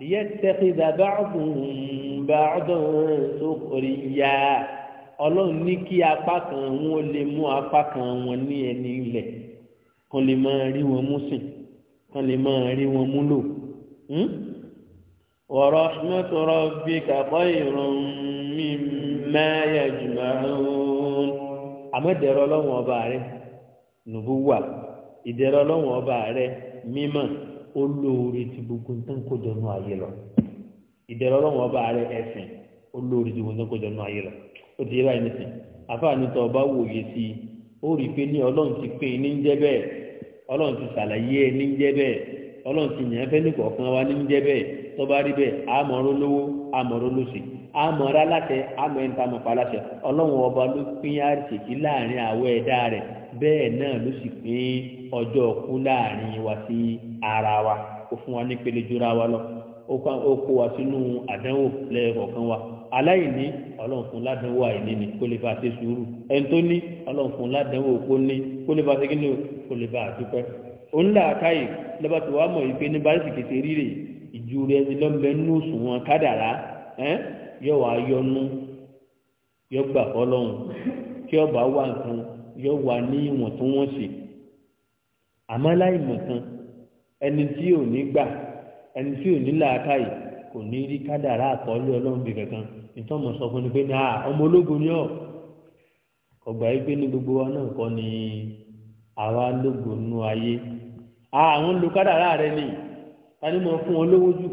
ليتخذ بعضهم بعضا سخريا ọlọ́run ní kí apá kan wọn ó lè mú apá kan wọn ní ẹni ilẹ̀ kan lè máa rí wọn mú sìn kan lè máa rí wọn mú lò ọ̀rọ̀ mẹ́tọ́rọ̀ bí kàkọ́ ìrọ̀rùn mímáyà jùmọ̀ àwọn àmọ́dẹ̀rọ ọlọ́wọ́n ọba rẹ nùbú wà ìdẹ̀rọ ọlọ́wọ́n ọba rẹ mímọ̀ ó lóore ti gbogbo nǹkan kójọ nù ayé lọ ìdẹ̀rọ ọlọ́wọ́n ọba rẹ ẹ̀sìn ó lóore ti gbogbo nǹkan kójọ nù ayé lọ ó ti yé báyìí nìsín àfáàní tó ọba wòye sí i ó rí i pé ní ọlọ́run ti pín in ní jẹ́ bẹ́ẹ̀ ọlọ́run ti sàlàyé ẹ ní jẹ́ bẹ́ẹ̀ ọlọ́run ti yàn án fẹ́ nìkọ̀ọ̀kan wa ní jẹ́ bẹ́ẹ̀ tọ́ba rí bẹ́ẹ̀ àmọ̀ró lówó àmọ̀ró lóṣèlú àmọ̀ra aláṣẹ àmọ̀ ẹ̀ńtà mọ̀pá aláṣẹ ọlọ́run ọba ló pín àṣìkí láàrin àwọ̀ ẹ̀dá rẹ̀ bẹ́ẹ̀ náà ló sì pín ọjọ́ ọkú láàrin wa sí ara wa ó fún wa ní pele jura wa lọ ó kó wa sínú àdánwò lẹ́ẹ̀kọ̀ọ̀kan wa aláìní ọlọ́run fún ládánwò àìní ni kó lè bá a ṣe sùúrù ẹni tó ní ọlọ́run fún ládánwò kó ní kó lè bá a ṣe kí kó lè bá a dúpẹ́ òǹdà àkáyè ìjú rẹ ni lọ́nbẹ́ẹ́nù sùn wọn kádàrá yóò wá yọnu yóò gbà fọlọ́hún tí ọba wà nǹkan yóò wà ní ìwọ̀ntúnwọ̀nsì àmọ́ láì mọ̀ kan ẹni tí ò ní gbà ẹni tí ò ní làákàyè kò ní rí kádàrá àkọọ́lẹ̀ ọlọ́run bí kankan ìtọ́mọ sọ fún ni pé ní ọmọ ológun ni ọ ọgbà yìí pé ní gbogbo wa náà kọ́ ni àwa lógun nú ayé àwọn olùkádàrá rẹ ni tani mo fún ọ lówó jù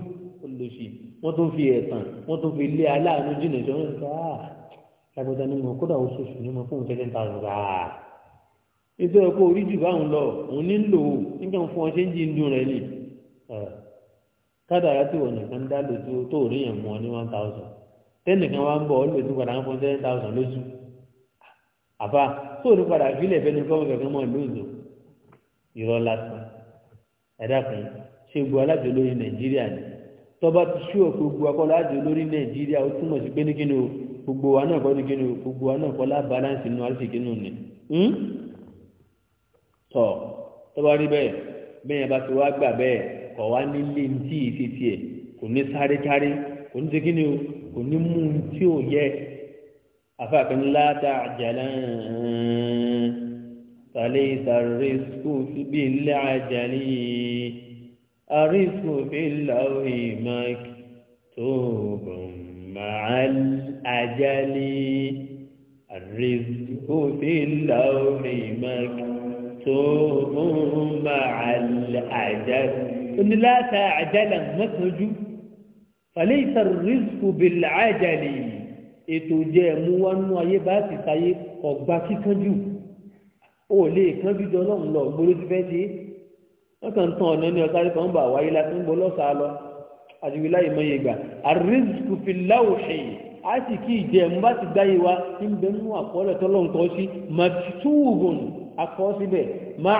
ó lò sí i wọ́n tó fi ẹ̀sàn wọ́n tó fi lé aláàánú jìnnà ìṣòro ń sọ áà ah, lágbàdá ni mo kódà oṣooṣù ni mo fóun tẹ́lẹ̀ ń ta ọ̀rọ̀ áà ètò ẹ̀kọ́ orí jù báwọn lọ òun nílò nígbà fún ọ ṣe ń jí ń dùn rẹ ni eh, kádàrá tí wọn nìkan dá lójú tó rí yẹn mọ ní one thousand tẹ́nìkan wá ń bọ̀ ọ́ lójú padà ń fún ten thousand lójú àbá tó ní padà fílẹ̀ fẹ́ni fọ́ọ̀mù kankan mọ́ lóòzò ìrọ̀ lásán ẹ̀dá kan ṣe gbọ́ alájọlóyin nàìjíríà ni tọba ti ṣú òkú gbogbo akọ́lá àjò lórí nàìjíríà ó túmọ̀ sí pé ní kíni o gbogbo wa náà kọ́ ní kíni o gbogbo wa náà kọ́lá balance nínú àríṣìkí nù ni. tọ hmm? tọba rí bẹ́ẹ̀ bẹ́ẹ̀ bá ti wá gbà bẹ́ẹ̀ kọ̀ wá nílé ntí ìfìfì ẹ̀ kò ní sáré kárí kò ní ti kíni kò ní mú un tí ò yẹ afáàkín látà àjàlá tàlẹ́ ìsàrẹ́sìkò bíi ńlẹ́ àjàlẹ́ yìí àríkù bíláwò ìmọ̀k tó bùn màál àjálì àríkù bíláwò ìmọ̀k tó bùn màál àjálì. onílàtà àjálà mọ́tòjú fàlẹ́ ìsàríkù bíláwò àjálì ètò jẹ́ ẹ̀mú wánú ayé bá ti sáyé ọ̀gbá kíkánjú ó lè kánjú jọ náà lọ gbólójú fẹ́ ṣe é wọ́n kàn tán ọ̀nà ní ọ̀sáré kan bà wáyé láti ń bọ́ lọ́sàá lọ àdìgbì láì mọ iye gbà àrísìkò fi láwùṣe á sì kí ìjẹ́ ń bá ti dáyé wa ń bẹ nínú àkọọ́lẹ̀ tọ́lọ́ nǹkan sí màtúùgùn akọ́ síbẹ̀ máa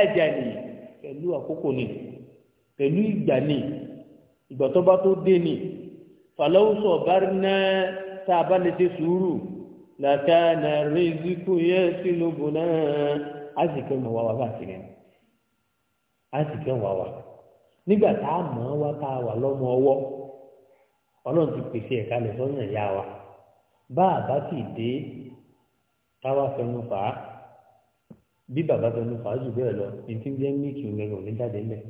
ẹ̀jà ni pẹ̀lú àkókò ni pẹ̀lú ìgbà ni ìgbà tó bá tó dé ni fàlọ́wùsọ̀ bá rí náà tá a bá lè ṣe sùúrù làkàna rìsìkò yẹ sínú bùnà á sì kẹ́ mọ̀ wá wá bá ti rẹ̀ a sì fẹ́ wà wá nígbà tá a mọ̀ wá tá a wà lọ́mọ ọwọ́ ọlọ́run ti pèsè ẹ̀ka lẹ̀ wa bá a bá sì dé táwa fẹnu fà á bí bàbá fẹnu fà á jù bẹ́ẹ̀ lọ ní ti ń jẹ́ míìkì òmìnira jáde mẹ́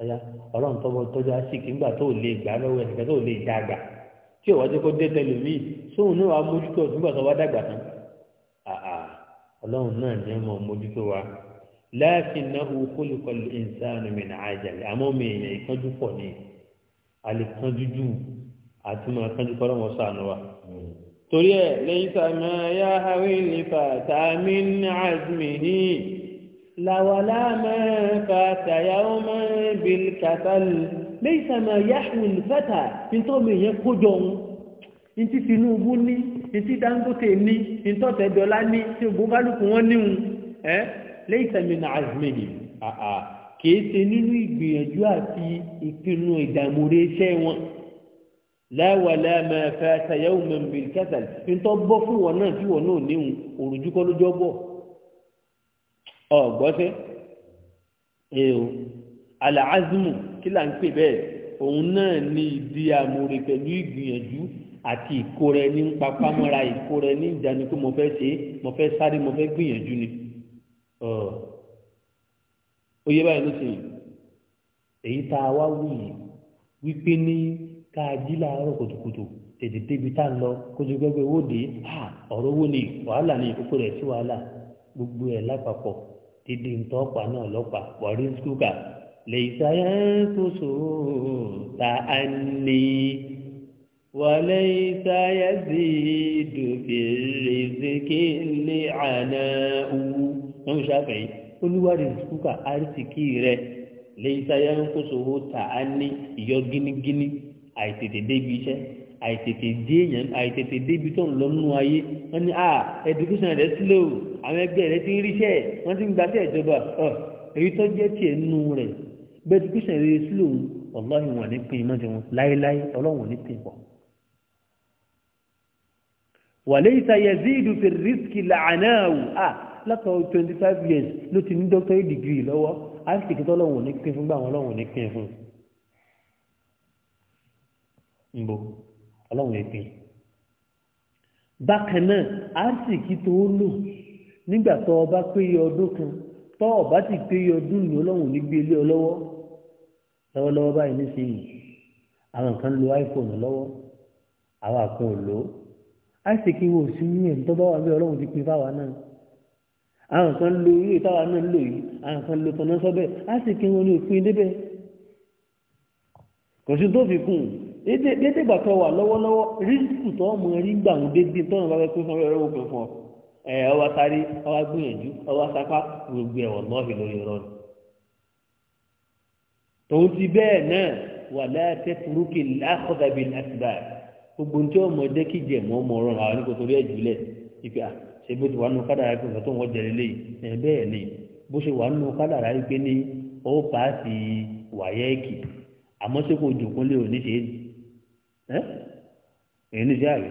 ọ̀yá ọlọ́run tọ́wọ́ tọ́jú àṣìkì nígbà tó lè gbà lọ́wọ́ ẹnìkan tó lè dá àgbà tí láàkínnáhu kólíkọlù ìnsánu mi náà àjàlè àmọ́ mi èèyàn ìkánjú pọ̀ ni àlèkánjú jù àti máa kánjú kọ́ lọ́wọ́ sànù wa. torí ẹ lẹ́yìn sàmà yá hawi nípa tààmì àzmi ní làwàlá máa fa tàyàwó máa bí kàtàlù lẹ́yìn sàmà yá hawi nífẹ̀tà nítorí mi yẹn kó jọ ntí tinubu ní ntí dangote ní ntọ́tẹ̀dọ́lá ní tí ògbókálùkù wọn níhun ẹ́ lẹ́yìntàmínà àìsímẹ́yì àà kìí ṣe nínú ìgbìyànjú àti ìpinnu ìdààmú rẹ iṣẹ́ wọn láwà láàmà fẹ́ẹ́ta yẹ́wò mẹ́mbìl kẹta nítọ́ bọ́ fún wọn náà tí wọn náà níhun òrùjú kọ́ lójọ́ bọ̀ ọ̀gbọ́sẹ́ èèwò àlàázùmù kí là ń pè bẹ́ẹ̀ òun náà ní ìdí àmúre pẹ̀lú ìgbìyànjú àti ìkórẹ ní papámọ́ra ìkórẹ ní ìdánikú mo fẹ́ ṣe mo fẹ́ sáré mo fẹ́ gbìyànjú ni. oyè báyìí ló ṣe yìí èyí tá a wá wù yìí wípé ní ká a jí kùtùkùtù tètè débi tá a lọ kójú gbẹgbẹ owó dé à ọ̀rọ̀ owó ni wàhálà ni ìkókó rẹ̀ sí wàhálà gbogbo ẹ̀ lápapọ̀ dídí ntọ́pa náà lọ́pa wàrí skúkà lè ṣayẹ́ tó so ta á ní wàlẹ́ ṣayẹ́ sí dùbìrì sí kí lè àná wú. wọn ṣàfẹ́ yìí olúwarẹ̀ ìsúkà àrísìkí rẹ lẹ́yìn sáyà ń kó sòwò tà á ní ìyọ gínígíní àìtètè débi iṣẹ́ àìtètè dé èèyàn àìtètè débi tó ń lọ nínú ayé wọn ni ah education rẹ slow àwọn ẹgbẹ́ rẹ ti ń ríṣẹ́ wọn ti ń gbaṣẹ́ ìjọba ọ èyí tó jẹ́ tiẹ̀ nínú rẹ̀ bẹ́ẹ̀ education rẹ slow ọlọ́run wọn ní pin mọ́tò wọn láéláé ọlọ́run wọn ní pin pọ̀ wàlẹ́ ìsayẹ̀ zíìdù rìsíkì làánáà wò látọ̀ twenty five years ló ti ní doctorate degree lọ́wọ́ isaac tó lọ́wọ́ ní pín fún gbà wọn lọ́wọ́ ní pín fún nbọ ọlọ́wọ́ ní pín bákan náà isaac tó lò nígbà tó ọba péye ọdún kan tó ọba ti péye ọdún ní ọlọ́wọ́ ní gbélé ọlọ́wọ́ lọ́wọ́lọ́wọ́ báyìí nísìnyí àwọn kan lo iphone lọ́wọ́ àwọn àkùn ò lò isaac wo sí ní ẹ̀ ń tọ́ bá wà bí ọlọ́wọ́ ti pín fáwa náà. àwọn kan lo irú ìtawà náà lò yìí àwọn kan lo tọ̀nà sọ́bẹ̀ á sì kí wọn ní débẹ̀ kò sí tó fi wà lọ́wọ́lọ́wọ́ fún òkè ẹ sáré gbìyànjú sapá gbogbo ẹ̀wọ̀n lọ́ọ̀fì lórí tòun ti bẹ́ẹ̀ náà wà láàkọ́dàbí gbogbo tí ṣe bí ó ti wà nù kádàrá pé nǹkan tó ń wọ́n jẹ lélẹ́yìí ẹ̀ bẹ́ẹ̀ ni bó ṣe wà nù kádàrá pé ní ó pàásì wàyẹ́ẹ̀kì àmọ́ tí kò jòkó lé òní ṣe é ẹ̀ ní ṣe àrẹ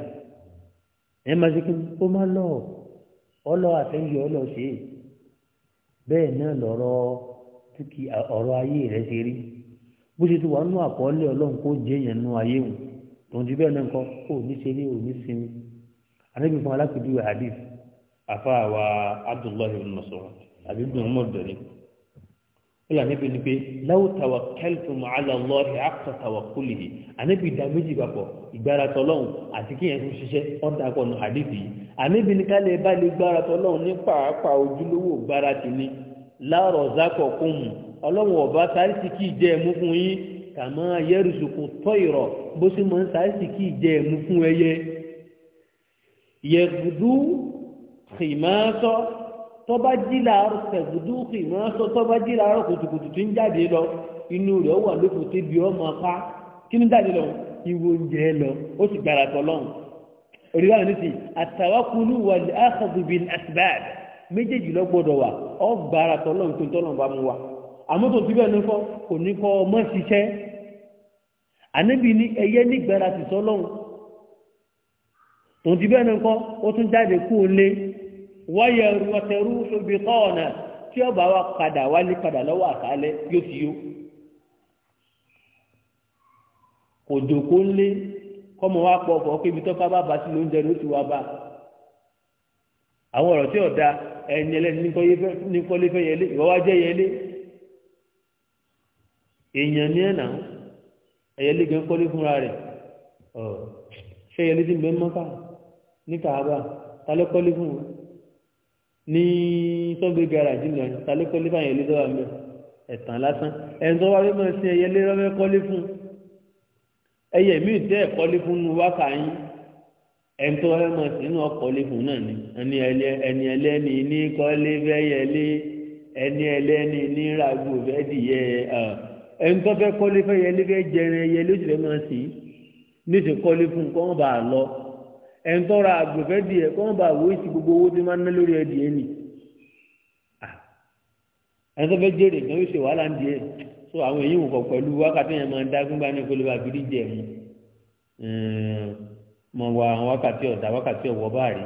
ẹ̀ máa ṣe kí ó máa lọ ọlọ àtẹ́yìn ọlọ ṣe é bẹ́ẹ̀ náà lọ́rọ́ tí ọ̀rọ̀ ayé rẹ̀ ṣe rí bó ṣe ti wà nù àkọọ́lẹ̀ ọlọ́run kó jẹ́yàn nù ayé wù tòun ti bẹ́ẹ̀ náà kọ́ òní ṣe rí òní sinmi àdébí fún alákùúdú hadith àfáàwà abdullahi ibn masoud àbí ibn umar dọ̀ni wọ́n ànábì ni pé láwùtàwà kẹ́lifùmù aláàlọ́ọ̀hì àkọ́tàwà kúlìhì ànábì ìdá méjì papọ̀ ìgbára tọ́lọ́hùn àti kí yẹn fún ṣiṣẹ́ ọ̀dà akọ̀nù àdìsí ànábì ní ká lè bá lè gbára tọ́lọ́hùn ní pàápàá ojúlówó gbára ti ní láàrọ̀ zákọ̀ kùnmù ọlọ́run ọba sáríṣì kì í jẹ́ ẹ̀mú fún yín kàmọ́ yẹ́rùsùkù tọ́ ìrọ̀ bó sì mọ́ sáríṣì kì í jẹ́ ẹ̀mú fún ẹyẹ xìmọ́sọ́ tọ́ba jí làárọ̀ sẹ̀gùdú xìmọ́sọ́ tọ́ba jí làárọ̀ kùtùkùtù tí ń jáde lọ inú rẹ̀ wà lóko tébi ọmọ apá kí ni jáde lọ ìwo oúnjẹ lọ ó sì gbára tọ́lọ́hùn orí wa nìsí àtàwákùnú wà ní àkàzùbìn asibad méjèèjì lọ gbọdọ̀ wà ọ gbára tọ́lọ́hùn tó tọ́lọ́hùn bá mu wa àmọ́ tó síbẹ̀ ní kọ́ kò ní kọ́ ọmọ ṣiṣẹ́ àníbi ni ẹyẹ nígbàrà tìtọ́lọ́hùn òun ti bẹ́ẹ̀ ní nǹkan ó tún jáde kú lé wáyé ọ̀tẹ̀rú ṣobi kọ́ọ̀nà tí ọba wa padà wálé padà lọ́wọ́ àkálẹ́ yóò fi yó kò dòkó lé kọ́mọ wa pọ̀ ọ̀fọ̀ pé ibi tó bá bá sí lóúnjẹ ló ti wá bá àwọn ọ̀rọ̀ tí ọ̀dà ẹni ẹlẹ́ni ní kọ́lé fẹ́ yẹlé ìwọ́ jẹ́ yẹlé èèyàn ní ẹ̀nà ẹ̀yẹlé gan kọ́lé fúnra rẹ̀ ṣé yẹlé ti ń bẹ́ mọ́ká ní kàábà ta ló kọ́lé fún wọn ní sọ́gbé garaajì náà ta ló kọ́lé fún àyẹ̀lé sọ́wọ́ àmì ẹ̀tàn lásán ẹ̀yìn tó wá fẹ́ máa sin ẹyẹlé rọ́fẹ́ kọ́lé fún ẹyẹ míì tẹ́ ẹ̀ kọ́lé fún nu wákà yín ẹ̀yìn tó wá fẹ́ máa sin inú ọkọ̀lé fún náà ni ẹni ẹlẹ́ni ní kọ́lé fẹ́yẹlé ẹni ẹlẹ́ni ní ràgbò fẹ́ dìyẹ ẹ̀yìn fẹ́ kọ́lé fẹ́yẹlé fẹ́ jẹrin ẹyẹlé ó sì fẹ́ máa sìn fún kọ́ ẹni tó ra àgbẹ̀fẹ́ díẹ̀ kọ́ wọn bá wọ́ ìsì gbogbo owó tí máa ń ná lórí ẹ̀dì ẹ̀ nì ẹni tó fẹ́ jèrè kan yóò ṣe wàhálà ń díẹ̀ so àwọn èyí wò kọ̀ pẹ̀lú wákàtí yẹn máa ń dá gbígbá ní ìpele bàbírí jẹ̀ mu mọ wa àwọn wákàtí ọ̀dà wákàtí ọ̀wọ́ bá rí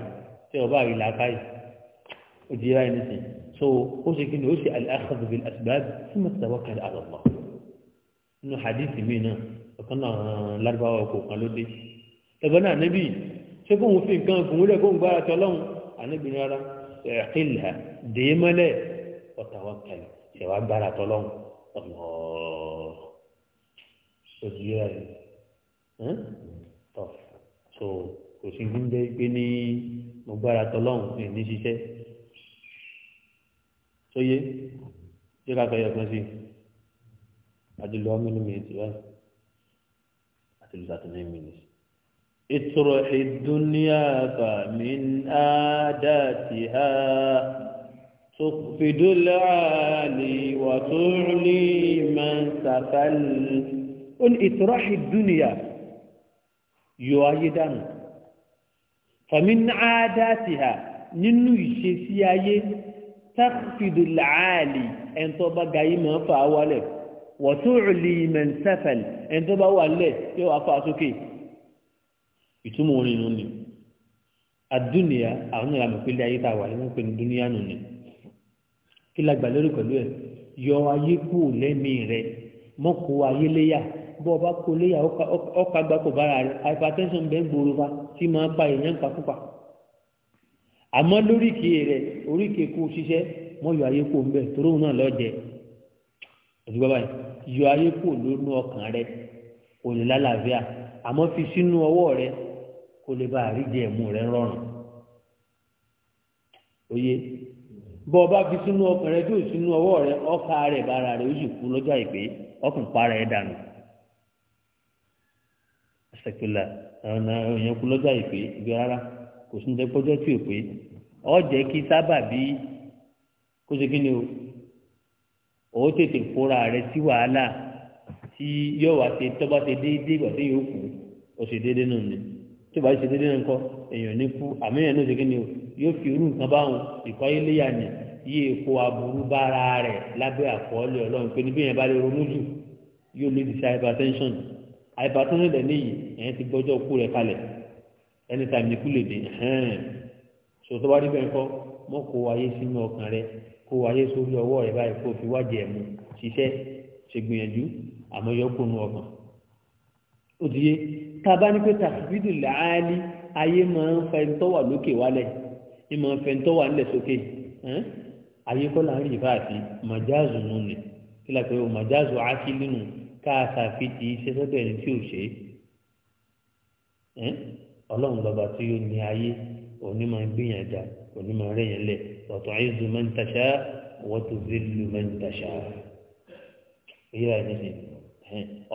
tí ọba rí làákàyè ó di ra ẹni sìn so ó ṣe kí ni ó ṣe àlàkàbùbì àtìbáàbì ṣé kóun fi nǹkan gùn lẹ̀ kóun gbára tọ́ lọ́hùn àníbi rárá ẹ̀ẹ́kìlá dèémọ́lẹ̀ ọ̀tàwọn kẹlẹ̀ ṣẹ̀wá gbára tọ́ lọ́hùn ọ̀nà òṣìṣẹ́ rẹ̀ tọ́ so kò sí ní jẹ́ pé ní mo gbára tọ́ lọ́hùn اطرح الدنيا فمن آداتها تقفد العالي وتعلي من سفل قل اطرح الدنيا يؤيدا فمن عاداتها ننو يشيسي آية. تقفد العالي ان تبا غايما فاوالك وتعلي من سفل ان تبا والله يوافا سكي ìtumọ̀ orin nù ni àdúnìyà àwọn ìlànà ìpínlẹ̀ ayé tá a wà nínú pé ní nù ni kí la gbà lórí pẹ̀lú ẹ̀ yọ ayé kú lẹ́mìí rẹ mọ́kò ayé léyà bọ́ ọba kó léyà ọkà gbàkó bára rẹ hypertension bẹ́ẹ̀ gbòòrò fa tí máa pa èèyàn pàkópa àmọ́ lóríkèé rẹ oríkèé kó ṣiṣẹ́ mọ́ yọ ayé kú ńbẹ toróhùn náà lọ́jẹ̀ẹ́ òtún bàbá yìí yọ ayé kú lónú ọkàn rẹ òní lálàáfíà àmọ́ fi sínú ọwọ́ rẹ kó lè bá àríjẹ ẹ̀mú rẹ rọrùn oye bọ ọba fi sínú ọkàn rẹ tó sínú rẹ ọkà rẹ bára rẹ ó sì kú lọjọ àìpé ọkàn para ẹ dànù ṣèkìlà ọ̀nà òyìn kú àìpé ibi rárá kò sí ní tí ò pé kí sábà bí kó tètè rẹ sí wàhálà tí yóò wá déédéé ìgbà tí yóò kú tí ó bá ṣe dédé nǹkan èèyàn ní kú àmìyàn náà ṣègbè ni o yóò fi irú nǹkan báwọn ìkọ́ iléyà ni yí èkó aburú bára rẹ̀ lábẹ́ àkọọ́lẹ̀ ọlọ́run pé níbí yẹn bá lè ronú jù yóò lè di sí hypertension hypertension dẹ̀ níyì ẹ̀yìn ti gbọ́jọ́ kú rẹ̀ kalẹ̀ anytime ní kú lè dé hàn sòtọ́ bá níbẹ̀ ńkọ́ mọ́ kó ayé sínú ọkàn rẹ kó ayé sórí ọwọ́ rẹ báyìí kó fi wájẹ ẹ̀mú ṣiṣẹ́ ṣègbìyànjú àmọ́ yọkùnrin ọkàn ó ti yé tàbá ní pé tàfídù làálí ayé máa ń fẹ́ tó wà lókè wálẹ̀ ní máa ń fẹ́ tó wà nílẹ̀ sókè ayé kọ́ là ń rí ìfáàfin màjáàzù nù ni kí la pé o màjáàzù ákílì nù ká àṣàfitì iṣẹ́ sọ́dọ̀ ẹni tí ò ṣe é ọlọ́run lọ́ba tí ó ní ayé òní máa ń gbìyànjà òní máa rẹ̀yìn lẹ̀ ọ̀tọ̀ àìsùn máa ń taṣá wọ́tò zílù máa ń taṣá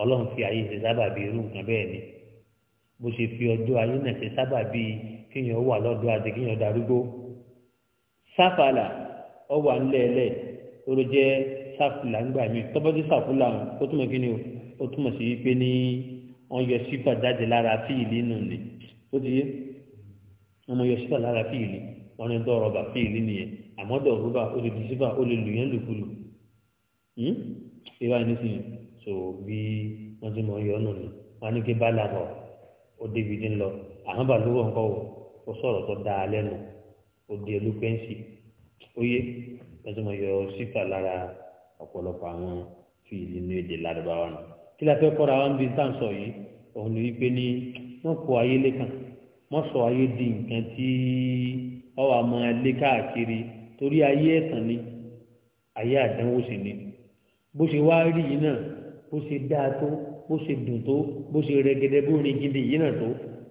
ọlọ́run fi ayé ṣe sábà bí irú nǹkan bẹ́ẹ̀ ni bó ṣe fi ọjọ́ ayé náà ṣe sábà bíi kéèyàn wà lọ́dọ̀ àti kéèyàn darúgbó sáfàlà ọwà ńlẹ̀ẹ́lẹ̀ ó ló jẹ́ sáfùlà ńgbà mí tọ́bọ́dé sáfùlà ó túmọ̀ kí ni ó túmọ̀ sí pé ní wọ́n yọ sífà jáde lára fíìlì nù ni ó ti yé wọ́n yọ sífà lára fíìlì wọ́n ní dọ́rọ̀ bà fíìlì nìyẹn àmọ́ dọ̀rọ̀ bà ó lè di sífà ó lè lù yẹn lùkulù hmm? ìwà ìnísìnyí so bí wọ́n ti mọ̀ ọ́ yọ nù ni wọ́n á ní kí bá làbọ̀ ó débi dín lọ àmọ́ bàlúwọ̀ ńkọ́ o ó sọ̀rọ̀ tó dáa lẹ́nu ó di olúpẹ́ǹsì ó yé lọ́sọ̀ mọ̀ yọ sífà lára ọ̀pọ̀lọpọ̀ àwọn fíìlì inú èdè lárúbáwá nù kí la fẹ́ kọ́ra wọn bí n tàn sọ yìí òun ni wípé ní wọ́n kó ayé lẹ́kàn wọ́n sọ ayé di nǹkan tí ọwọ́ àmọ́ lé káàkiri torí ayé ẹ̀tàn ni ayé àdánwò sì ni bó ṣe wá rí yìí náà bó ṣe dáa tó bó ṣe dùn tó bó ṣe rẹgẹdẹ bó rin gidi yìí náà tó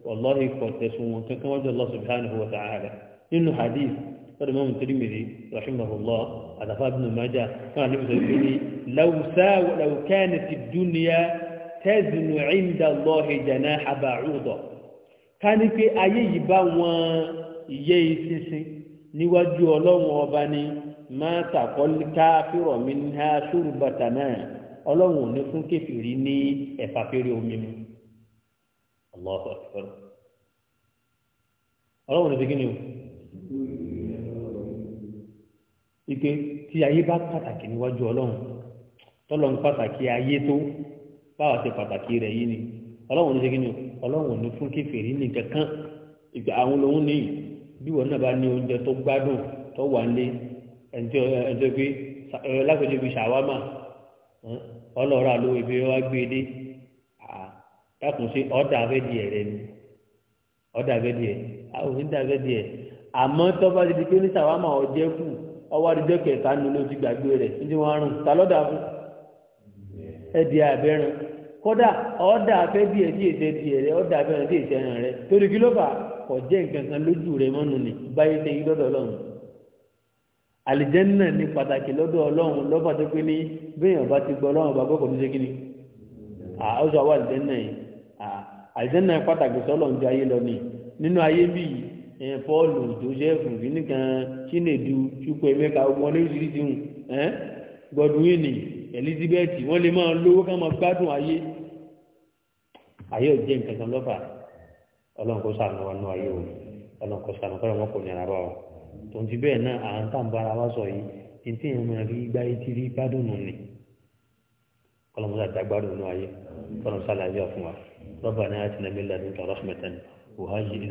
wàlọ́ọ̀hì kọ̀ tẹ̀sùn wọn kankan wájú allah subhanahu wa ta'ala nínú hadith sọ́dọ̀ mọ́mú tirimiri rahimahullah àtàfà bínú májà fún àlẹ́ bísọ̀ ìpín ní lawusa lawukẹ́ni ti dúnìyà tẹ́sùn ìndà lọ́ọ̀hì jẹ̀nà àbàrúdọ̀ ká ní pé ayé yìí bá wọn iye ìsinsin níwájú ọlọ́run ọba ni máa tàkọ́ káfírọ̀ mi ní ọlọ́run ò ní fún kéfìrí ní ẹ̀fà fèrè omi mu ọlọ́ọ̀fọ̀ ẹ̀fọ́rọ̀ ọlọ́run ní bíkíni o ike tí ayé bá pàtàkì níwájú ọlọ́run tọ́lọ́ ń pàtàkì ayé tó báwa ṣe pàtàkì rẹ̀ yìí ni ọlọ́run ní bíkíni o ọlọ́run ò ní fún kéfìrí ní kankan ìgbà àwọn lòun ní bí wọn náà bá ní oúnjẹ tó gbádùn tó wà ń lé ẹjọ́ ẹjọ́ pé láti ojú ibi ṣàwámà ọlọ́ọ̀rọ̀ alo ibi wá gbé dé dákun sí ọ̀dà rẹ ni ọ̀dà abẹ́dìẹ̀ àwọn onídà abẹ́dìẹ̀ àmọ́ tọ́ba ti di pé ní sàwámà ọ̀jẹ́ kù ọwọ́ adijọ́ kẹta ta lọ́dà fún ẹ̀dì abẹ́rùn kódà ọ̀dà sí rẹ ọ̀dà abẹ́rùn sí ètè rẹ torí kí ló fà nǹkan kan lójú àlìjẹ́nà ní pàtàkì lọ́dọ̀ ọlọ́run lọ́pàá tó pé ní béèyàn bá ti gbọ́ ọlọ́run bàbá kò ní ṣe kíni ọjọ́ àwọn àlìjẹ́nà yìí àlìjẹ́nà pàtàkì sọ́lọ̀ ń ju ayé lọ ni nínú ayé bí pọ́ọ̀lù joseph nìkan chinedu chukwu emeka ọgbọ́n oríṣiríṣi hùn godwini elizabeth wọ́n lè máa lówó ká máa gbádùn ayé ayé ò jẹ́ nǹkan kan lọ́fà ọlọ́run kó sànù wọn nú tòun ti bẹ́ẹ̀ náà à ń tàǹbára wá sọ yìí ntí yẹn máa rí gbáyé tí rí gbádùn ni kọlọmọdé àtàgbádùn nù ayé kọlọmọdé àlàyé ọ̀fun wa rọ́bà náà ti nàmílẹ̀ nípa rọ́fìmẹ̀tẹ́ni òhà yìí